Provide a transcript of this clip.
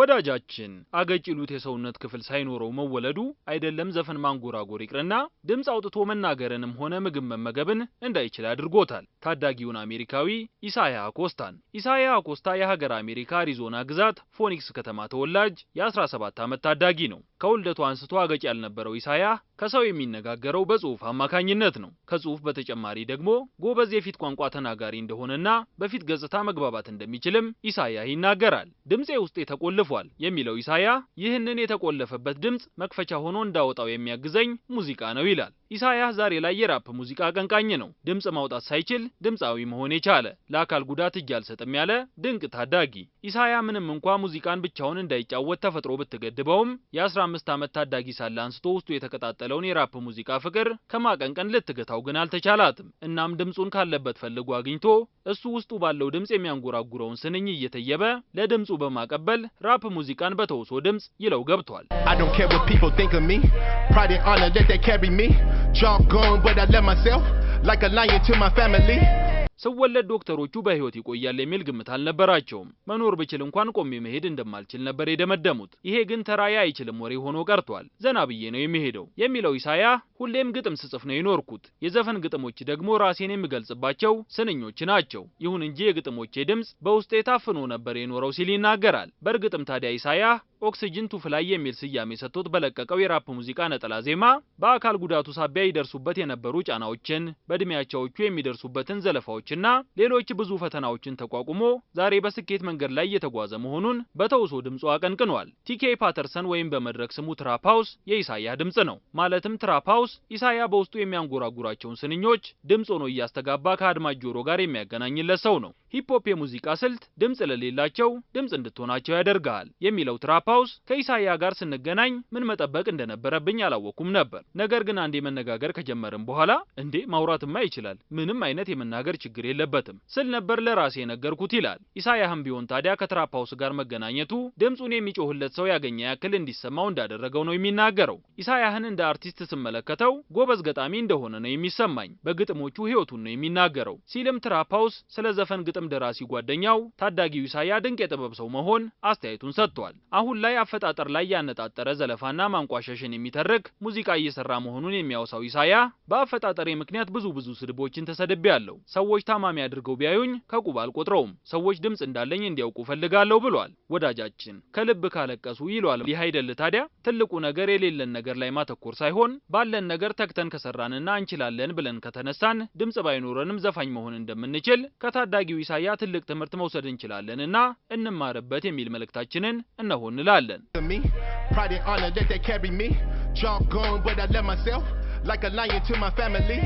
ወዳጃችን አገጭሉት የሰውነት ክፍል ሳይኖረው መወለዱ አይደለም ዘፈን ማንጎራጎር ይቅርና ድምፅ አውጥቶ መናገርንም ሆነ ምግብ መመገብን እንዳይችል አድርጎታል። ታዳጊውን አሜሪካዊ ኢሳያ አኮስታን ኢሳያ አኮስታ የሀገር አሜሪካ አሪዞና ግዛት ፎኒክስ ከተማ ተወላጅ የ17 ዓመት ታዳጊ ነው። ከውልደቱ አንስቶ አገጭ ያልነበረው ኢሳያ ከሰው የሚነጋገረው በጽሁፍ አማካኝነት ነው። ከጽሁፍ በተጨማሪ ደግሞ ጎበዝ የፊት ቋንቋ ተናጋሪ እንደሆነና በፊት ገጽታ መግባባት እንደሚችልም ኢሳያ ይናገራል። ድምፄ ውስጥ የተቆለፉ ተጽፏል የሚለው ኢሳያ ይህንን የተቆለፈበት ድምፅ መክፈቻ ሆኖ እንዳወጣው የሚያግዘኝ ሙዚቃ ነው ይላል። ኢሳያ ዛሬ ላይ የራፕ ሙዚቃ አቀንቃኝ ነው። ድምፅ ማውጣት ሳይችል ድምፃዊ መሆን የቻለ ለአካል ጉዳት እጅ አልሰጥም ያለ ድንቅ ታዳጊ ኢሳያ ምንም እንኳ ሙዚቃን ብቻውን እንዳይጫወት ተፈጥሮ ብትገድበውም የ15 ዓመት ታዳጊ ሳለ አንስቶ ውስጡ የተቀጣጠለውን የራፕ ሙዚቃ ፍቅር ከማቀንቀን ልትገታው ግን አልተቻላትም። እናም ድምፁን ካለበት ፈልጎ አግኝቶ እሱ ውስጡ ባለው ድምፅ የሚያንጎራጉረውን ስንኝ እየተየበ ለድምፁ በማቀበል ራ የራፕ ሙዚቃን በተውሶ ድምፅ ይለው ገብቷል። Pride and honor let they carry me. but I love myself like a lion to my family. ስወለድ ዶክተሮቹ በህይወት ይቆያል የሚል ግምት አልነበራቸውም። መኖር ብችል እንኳን ቆሜ መሄድ እንደማልችል ነበር የደመደሙት። ይሄ ግን ተራዬ አይችልም ወሬ ሆኖ ቀርቷል። ዘና ብዬ ነው የሚሄደው የሚለው ኢሳያ ሁሌም ግጥም ስጽፍ ነው የኖርኩት። የዘፈን ግጥሞች ደግሞ ራሴን የምገልጽባቸው ስንኞች ናቸው። ይሁን እንጂ የግጥሞቼ ድምጽ በውስጤ ታፍኖ ነበር የኖረው ሲል ይናገራል። በእርግጥም ታዲያ ኢሳያ ኦክሲጅን ቱ ፍላይ የሚል ስያሜ ሰጥቶት በለቀቀው የራፕ ሙዚቃ ነጠላ ዜማ በአካል ጉዳቱ ሳቢያ ይደርሱበት የነበሩ ጫናዎችን፣ በእድሜ የሚደርሱበትን ዘለፋዎችና ሌሎች ብዙ ፈተናዎችን ተቋቁሞ ዛሬ በስኬት መንገድ ላይ እየተጓዘ መሆኑን በተውሶ ድምፁ አቀንቅኗል። ቲኬ ፓተርሰን ወይም በመድረክ ስሙ ትራፕ ሃውስ የኢሳያ ድምጽ ነው። ማለትም ትራፕ ሃውስ ኢሳያ በውስጡ የሚያንጎራጉራቸውን ስንኞች ድምፅ ሆኖ እያስተጋባ ከአድማጭ ጆሮ ጋር የሚያገናኝለት ሰው ነው። ሂፖፕ የሙዚቃ ስልት ድምፅ ለሌላቸው ድምፅ እንድትሆናቸው ያደርጋል የሚለው ትራፓውስ ከኢሳያ ጋር ስንገናኝ ምን መጠበቅ እንደነበረብኝ አላወኩም ነበር። ነገር ግን አንዴ መነጋገር ከጀመርን በኋላ እንዴ ማውራትማ ይችላል፣ ምንም አይነት የመናገር ችግር የለበትም ስል ነበር ለራሴ የነገርኩት ይላል። ኢሳያህም ቢሆን ታዲያ ከትራፓውስ ጋር መገናኘቱ ድምፁን የሚጮህለት ሰው ያገኘ ያክል እንዲሰማው እንዳደረገው ነው የሚናገረው። ኢሳያህን እንደ አርቲስት ስመለከተው ጎበዝ ገጣሚ እንደሆነ ነው የሚሰማኝ። በግጥሞቹ ህይወቱን ነው የሚናገረው ሲልም ትራፓውስ ስለ ዘፈን ግጥም የግጥም ደራሲ ጓደኛው ታዳጊው ኢሳያ ድንቅ የጥበብ ሰው መሆን አስተያየቱን ሰጥቷል። አሁን ላይ አፈጣጠር ላይ ያነጣጠረ ዘለፋና ማንቋሸሽን የሚተርክ ሙዚቃ እየሰራ መሆኑን የሚያወሳው ኢሳያ በአፈጣጠሬ ምክንያት ብዙ ብዙ ስድቦችን ተሰድቤያለሁ። ሰዎች ታማሚ አድርገው ቢያዩኝ ከቁብ አልቆጥረውም። ሰዎች ድምጽ እንዳለኝ እንዲያውቁ ፈልጋለሁ ብሏል። ወዳጃችን ከልብ ካለቀሱ ይሏል። ይህ አይደል ታዲያ ትልቁ ነገር የሌለን ነገር ላይ ማተኮር ሳይሆን ባለን ነገር ተግተን ከሰራንና እንችላለን ብለን ከተነሳን ድምጽ ባይኖረንም ዘፋኝ መሆን እንደምንችል ከታዳጊው ከኢሳያ ትልቅ ትምህርት መውሰድ እንችላለን እና እንማርበት የሚል መልእክታችንን እነሆ እንላለን።